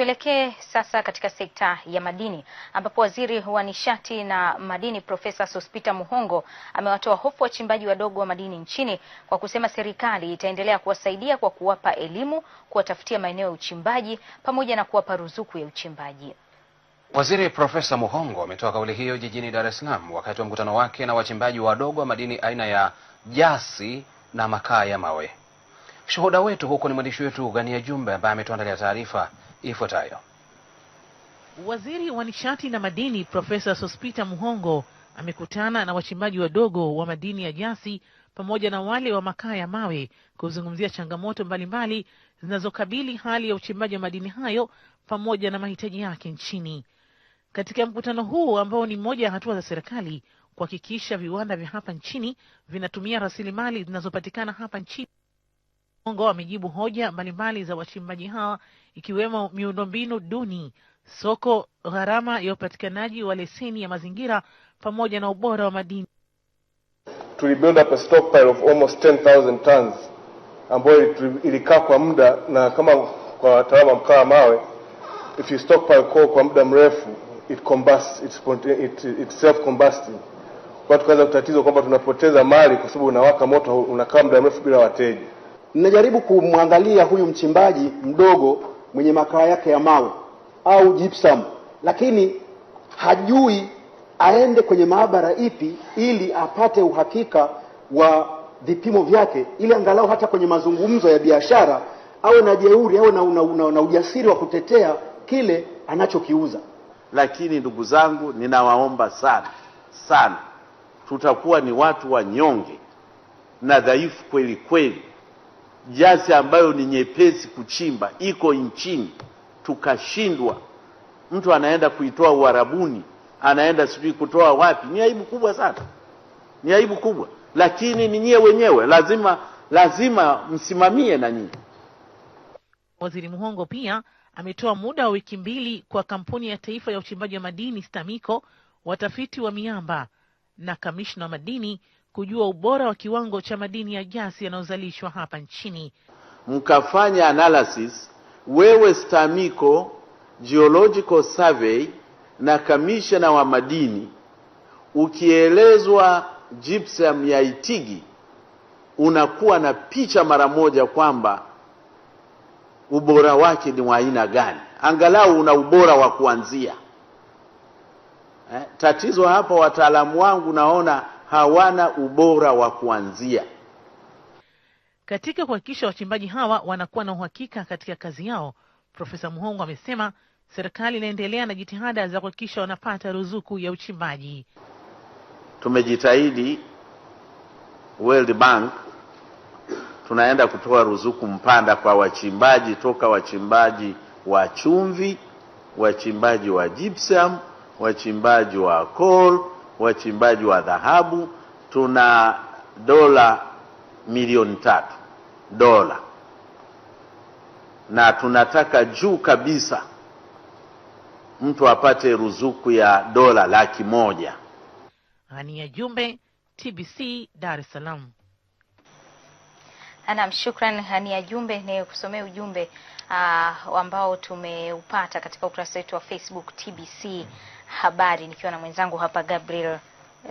Tuelekee sasa katika sekta ya madini ambapo waziri wa nishati na madini Profesa Sospita Muhongo amewatoa hofu wachimbaji wadogo wa madini nchini kwa kusema serikali itaendelea kuwasaidia kwa kuwapa elimu, kuwatafutia maeneo ya uchimbaji pamoja na kuwapa ruzuku ya uchimbaji. Waziri Profesa Muhongo ametoa kauli hiyo jijini Dar es Salaam wakati wa mkutano wake na wachimbaji wadogo wa madini aina ya jasi na makaa ya mawe. Shuhuda wetu huko ni mwandishi wetu Gania Jumbe ambaye ametuandalia taarifa ifuatayo. Waziri wa nishati na madini Profesa Sospita Muhongo amekutana na wachimbaji wadogo wa madini ya jasi pamoja na wale wa makaa ya mawe kuzungumzia changamoto mbalimbali zinazokabili hali ya uchimbaji wa madini hayo pamoja na mahitaji yake nchini. Katika mkutano huu ambao ni moja ya hatua za serikali kuhakikisha viwanda vya hapa nchini vinatumia rasilimali zinazopatikana hapa nchini Ongo amejibu hoja mbalimbali za wachimbaji hawa ikiwemo miundombinu duni, soko, gharama ya upatikanaji wa leseni ya mazingira pamoja na ubora wa madini. To rebuild up a stockpile of almost 10000 tons ambayo ilikaa kwa muda, na kama kwa wataalamu mkaa mawe, if you stockpile coal kwa muda mrefu it combusts, it's, it, it self combusting. Kwa tukaanza kutatizo kwamba tunapoteza mali kwa sababu unawaka moto unakaa muda mrefu bila wateja. Ninajaribu kumwangalia huyu mchimbaji mdogo mwenye makaa yake ya mawe au gypsum, lakini hajui aende kwenye maabara ipi ili apate uhakika wa vipimo vyake, ili angalau hata kwenye mazungumzo ya biashara awe na jeuri au na, na, na, na ujasiri wa kutetea kile anachokiuza. Lakini ndugu zangu, ninawaomba sana sana, tutakuwa ni watu wanyonge na dhaifu kweli kweli jasi ambayo ni nyepesi kuchimba iko nchini, tukashindwa. Mtu anaenda kuitoa Uarabuni, anaenda sijui kutoa wapi. Ni aibu kubwa sana, ni aibu kubwa, lakini ni nyie wenyewe lazima lazima msimamie na nyie Waziri Muhongo pia ametoa muda wa wiki mbili kwa kampuni ya taifa ya uchimbaji wa madini STAMICO, watafiti wa miamba na kamishna wa madini kujua ubora wa kiwango cha madini ya gasi yanayozalishwa hapa nchini, mkafanya analysis wewe STAMICO Geological Survey na kamishna wa madini, ukielezwa gypsum ya Itigi unakuwa na picha mara moja kwamba ubora wake ni wa aina gani, angalau una ubora wa kuanzia eh. Tatizo hapa wataalamu wangu naona hawana ubora wa kuanzia. Katika kuhakikisha wachimbaji hawa wanakuwa na uhakika katika kazi yao, Profesa Muhongo amesema serikali inaendelea na jitihada za kuhakikisha wanapata ruzuku ya uchimbaji. Tumejitahidi, World Bank tunaenda kutoa ruzuku mpanda kwa wachimbaji toka wachimbaji wa chumvi, wachimbaji wa gypsum, wachimbaji wa coal wachimbaji wa dhahabu, tuna dola milioni tatu dola, na tunataka juu kabisa mtu apate ruzuku ya dola laki moja. Ania Jumbe, TBC, Dar es Salaam. Naam, shukran Hania Jumbe ni kusomea ujumbe uh, ambao tumeupata katika ukurasa wetu wa Facebook TBC Habari, nikiwa na mwenzangu hapa Gabriel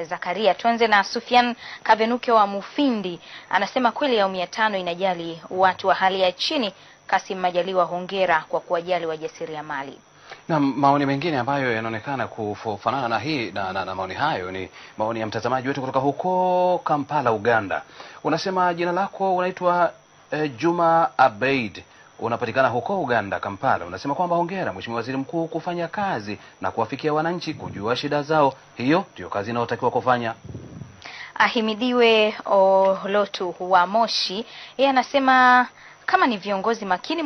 Zakaria. Tuanze na Sufian Kavenuke wa Mufindi, anasema kweli awamu ya tano inajali watu wa hali ya chini. Kasim Majaliwa, hongera kwa kuwajali wajasiriamali. Na maoni mengine ambayo yanaonekana kufanana na hii na, na, na maoni hayo ni maoni ya mtazamaji wetu kutoka huko Kampala, Uganda. Unasema jina lako unaitwa eh, Juma Abeid unapatikana huko Uganda Kampala. Unasema kwamba hongera Mheshimiwa Waziri Mkuu kufanya kazi na kuwafikia wananchi, kujua shida zao. Hiyo ndio kazi inayotakiwa kufanya. Ahimidiwe Olotu wa Moshi, yeye anasema kama ni viongozi makini